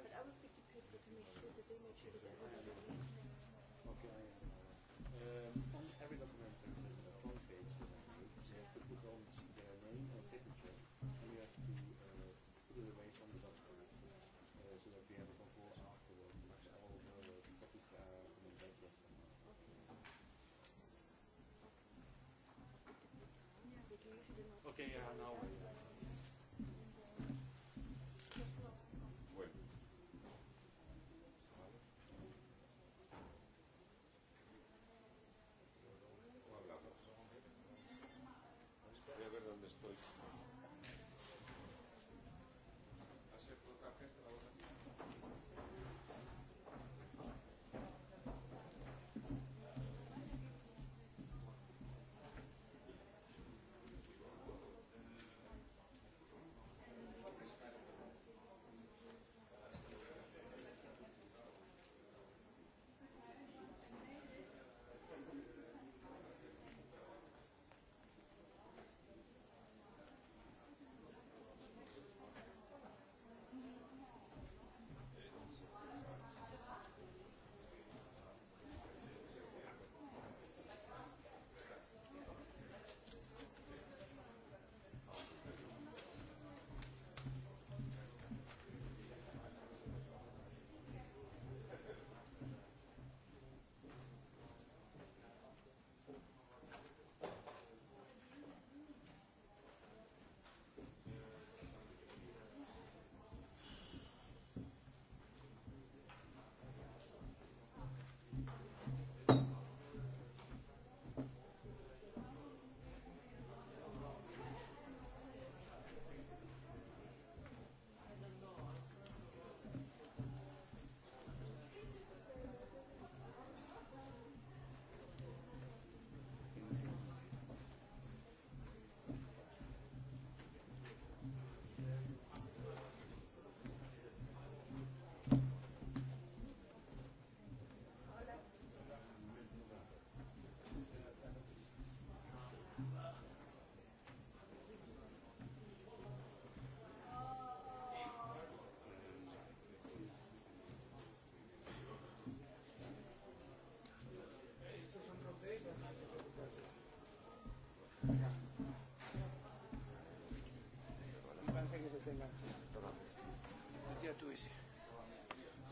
But I will speak to people to make sure that they make sure that everyone have read. Okay. Um, on every document there's a front page that I made. You have to put on their name and signature, and you have to uh, put it away from the document uh, so that we have a control afterwards. All the uh copies are in the background. Okay, yeah, now.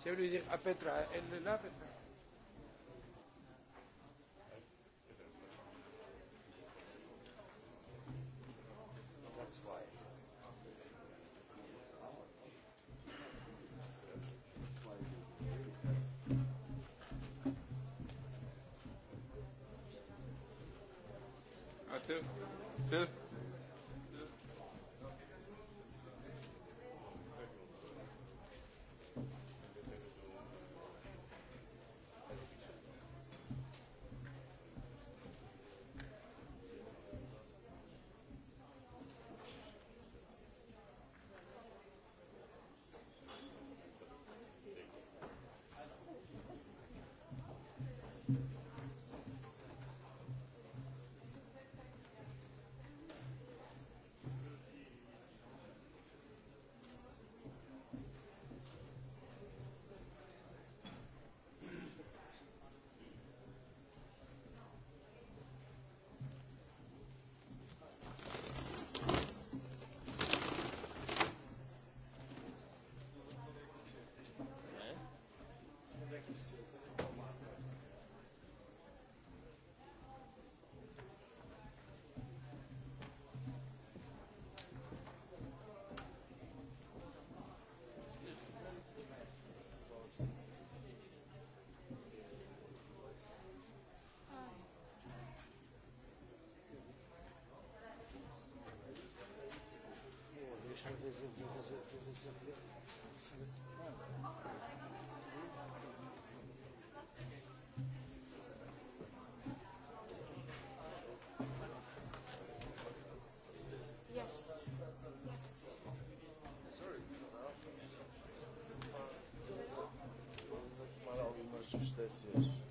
Si elle lui dire à Petra, elle est là, Petra. Two. Ah, Two. Yes. Sorry, it's not out.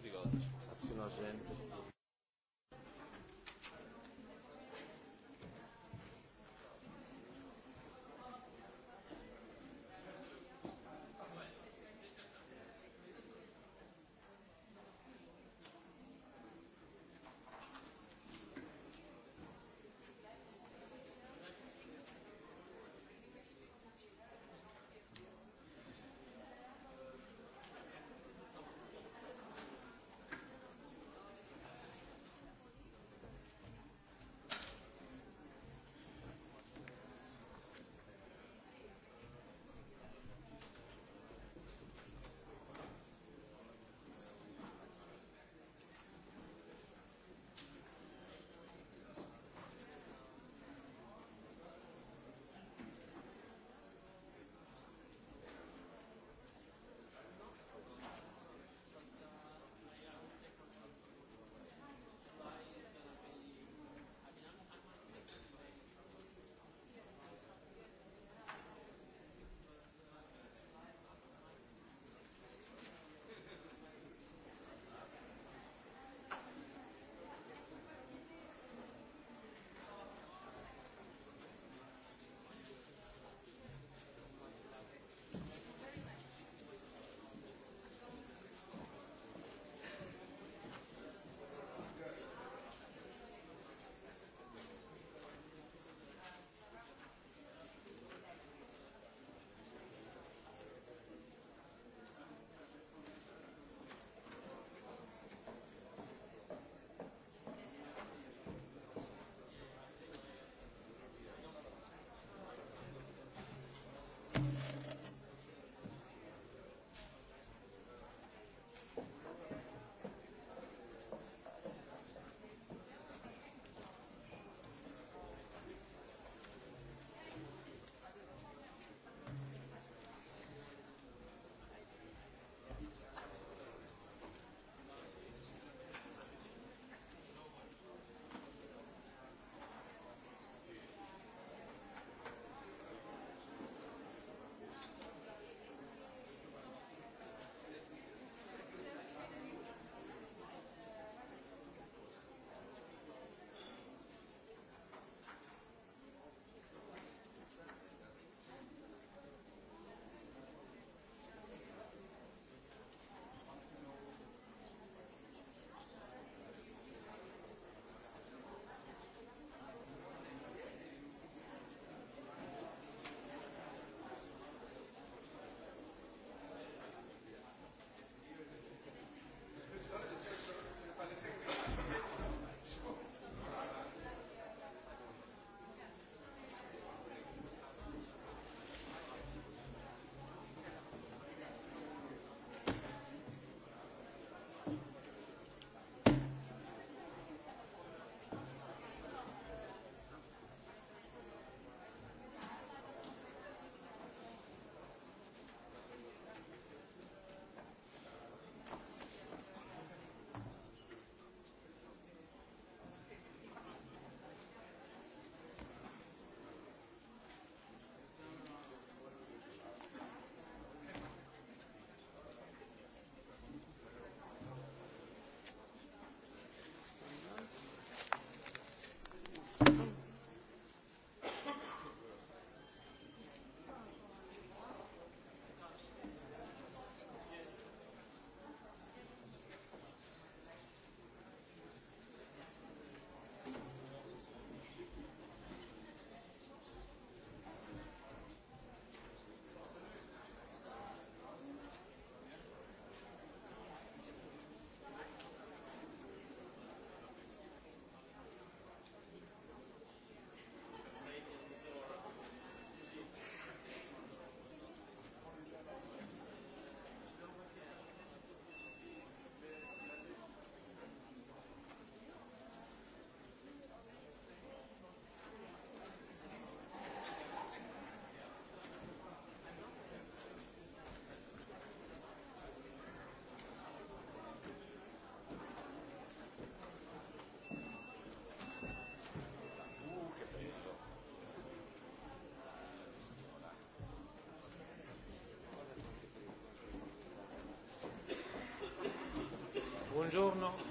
Buongiorno.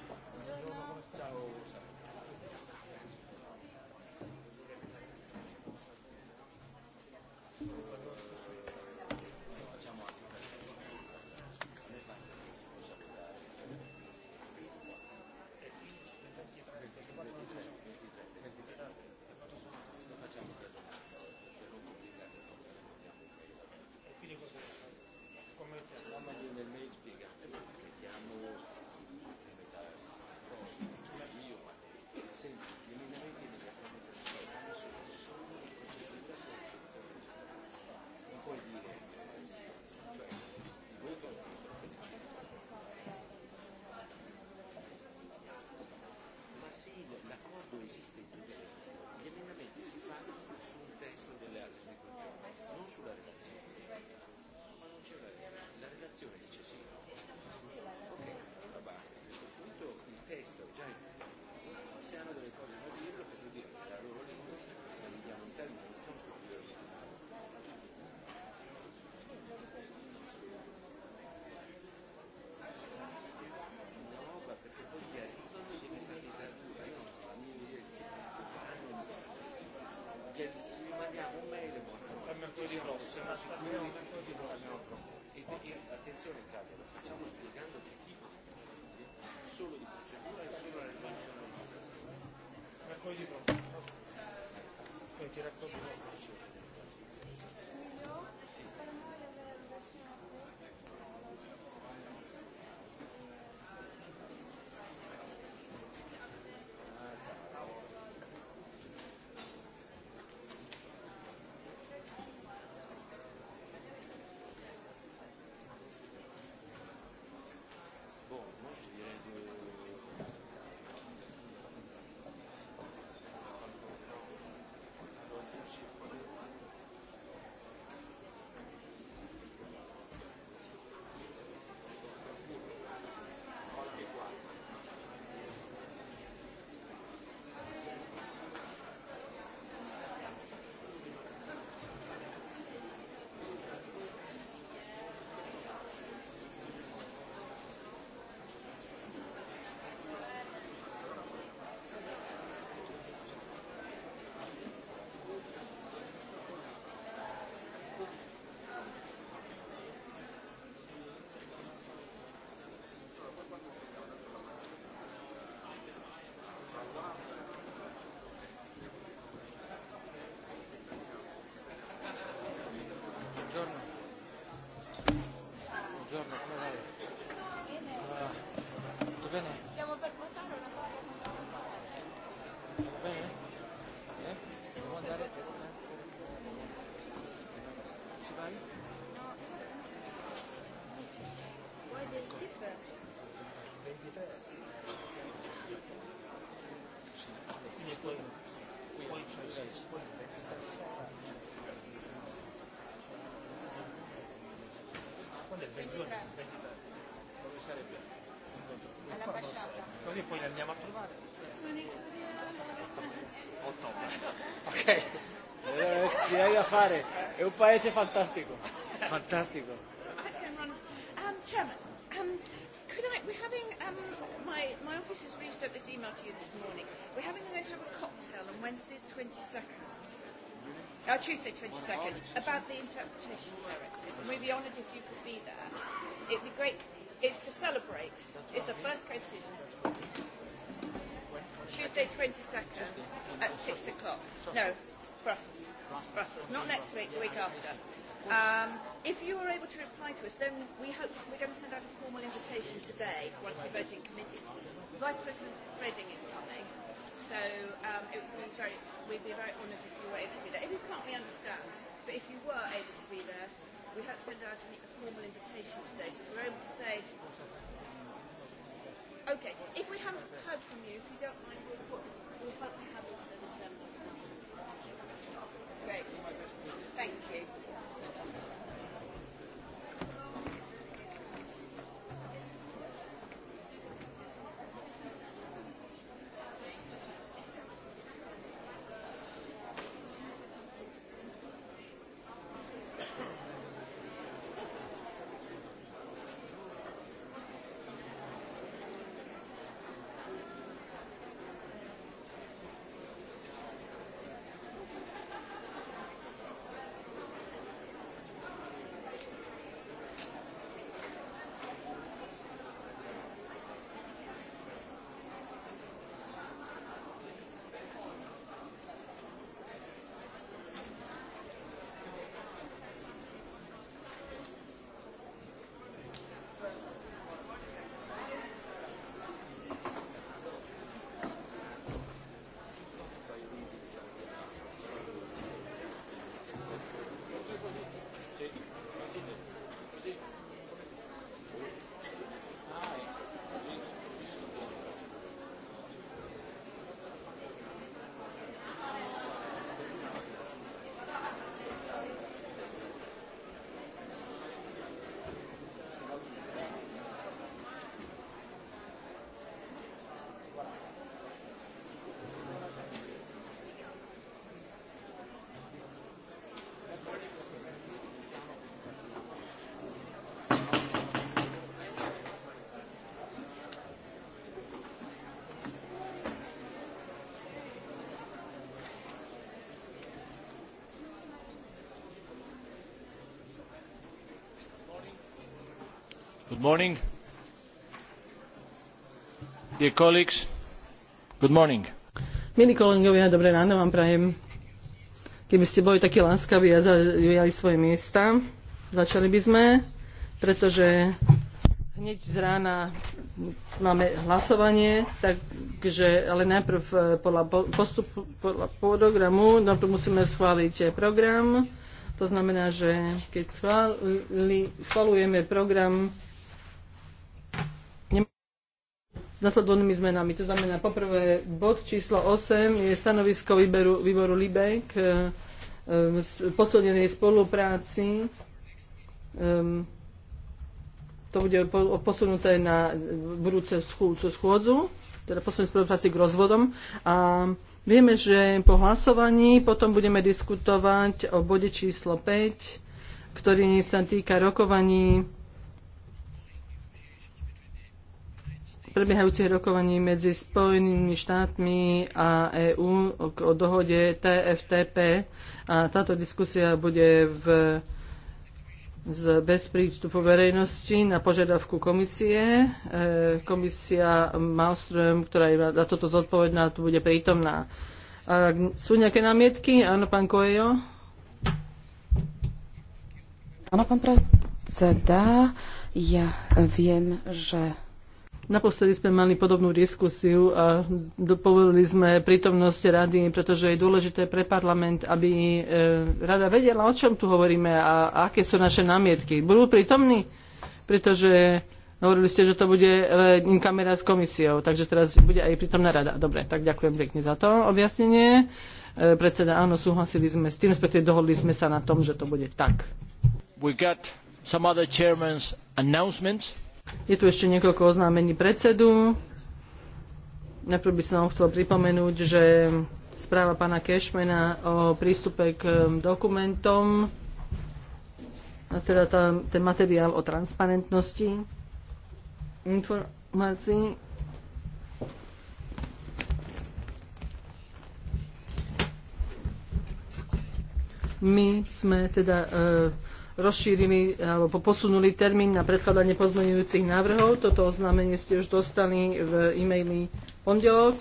di rosso, ma sappiamo un di rosso. E, quindi attenzione Claudia, lo facciamo spiegando che chi solo di procedura e solo la risoluzione di rosso. ti racconto Sì. Quando è Così poi li andiamo a trovare. Ottobre. Ok. Direi da fare. È un paese fantastico. Fantastico. Um, chairman um, my, my office has reached this email to you this morning. We're having going to have a cocktail on Wednesday the 22nd. Oh, Tuesday 22nd, about the interpretation directive. And we'd be honoured if you could be there. It'd be great. It's to celebrate. It's the first case decision. Tuesday 22nd at 6 o'clock. No, Brussels. Brussels. Not next week, the week after. Um, If you are able to reply to us, then we hope we're going to send out a formal invitation today once we vote in committee. Vice President Redding is coming, so um, it would be very, we'd be very honoured if you were able to be there. If you can't, we understand. But if you were able to be there, we hope to send out a, a formal invitation today, so we're able to say. Okay, if we haven't heard from you, if you don't mind, we'll, put, we'll hope to have this as a Great. Good morning. Dear colleagues, good morning. Milí kolegovia, dobré ráno vám prajem. Keby ste boli takí láskaví a zaujali svoje miesta, začali by sme, pretože hneď z rána máme hlasovanie, takže, ale najprv eh, podľa postupu, podľa programu, najprv no musíme schváliť eh, program. To znamená, že keď schválujeme program s nasledovnými zmenami. To znamená, poprvé bod číslo 8 je stanovisko výberu, výboru LIBE k e, e, posilnenej spolupráci. Ehm, to bude posunuté na budúce schôdzu, teda posunuté spolupráci k rozvodom. A vieme, že po hlasovaní potom budeme diskutovať o bode číslo 5, ktorý sa týka rokovaní prebiehajúcich rokovaní medzi Spojenými štátmi a EÚ o dohode TFTP a táto diskusia bude v, z, bez prístupu verejnosti na požiadavku komisie. E, komisia Malmström, ktorá je za toto zodpovedná, tu bude prítomná. A sú nejaké námietky? Áno, pán Kojo? Áno, pán predseda. Ja viem, že Naposledy sme mali podobnú diskusiu a povedali sme prítomnosť rady, pretože je dôležité pre parlament, aby e, rada vedela, o čom tu hovoríme a aké sú naše námietky. Budú prítomní? Pretože hovorili ste, že to bude e, kamera s komisiou, takže teraz bude aj prítomná rada. Dobre, tak ďakujem pekne za to objasnenie. E, predseda, áno, súhlasili sme s tým, respektíve dohodli sme sa na tom, že to bude tak. We got some other chairman's announcements. Je tu ešte niekoľko oznámení predsedu. Najprv by som chcel pripomenúť, že správa pána Kešmena o prístupe k um, dokumentom, a teda tá, ten materiál o transparentnosti informácií, My sme teda e, rozšírili alebo posunuli termín na predkladanie pozmeňujúcich návrhov. Toto oznámenie ste už dostali v e-maili pondelok.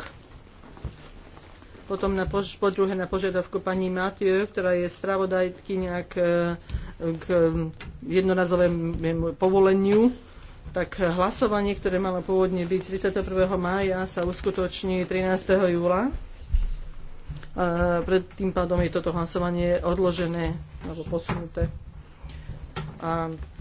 Potom na pož- po druhé na požiadavku pani Matiu, ktorá je spravodajkyňa k, k jednorazovému povoleniu tak hlasovanie, ktoré malo pôvodne byť 31. mája, sa uskutoční 13. júla. pred tým pádom je toto hlasovanie odložené alebo posunuté. Um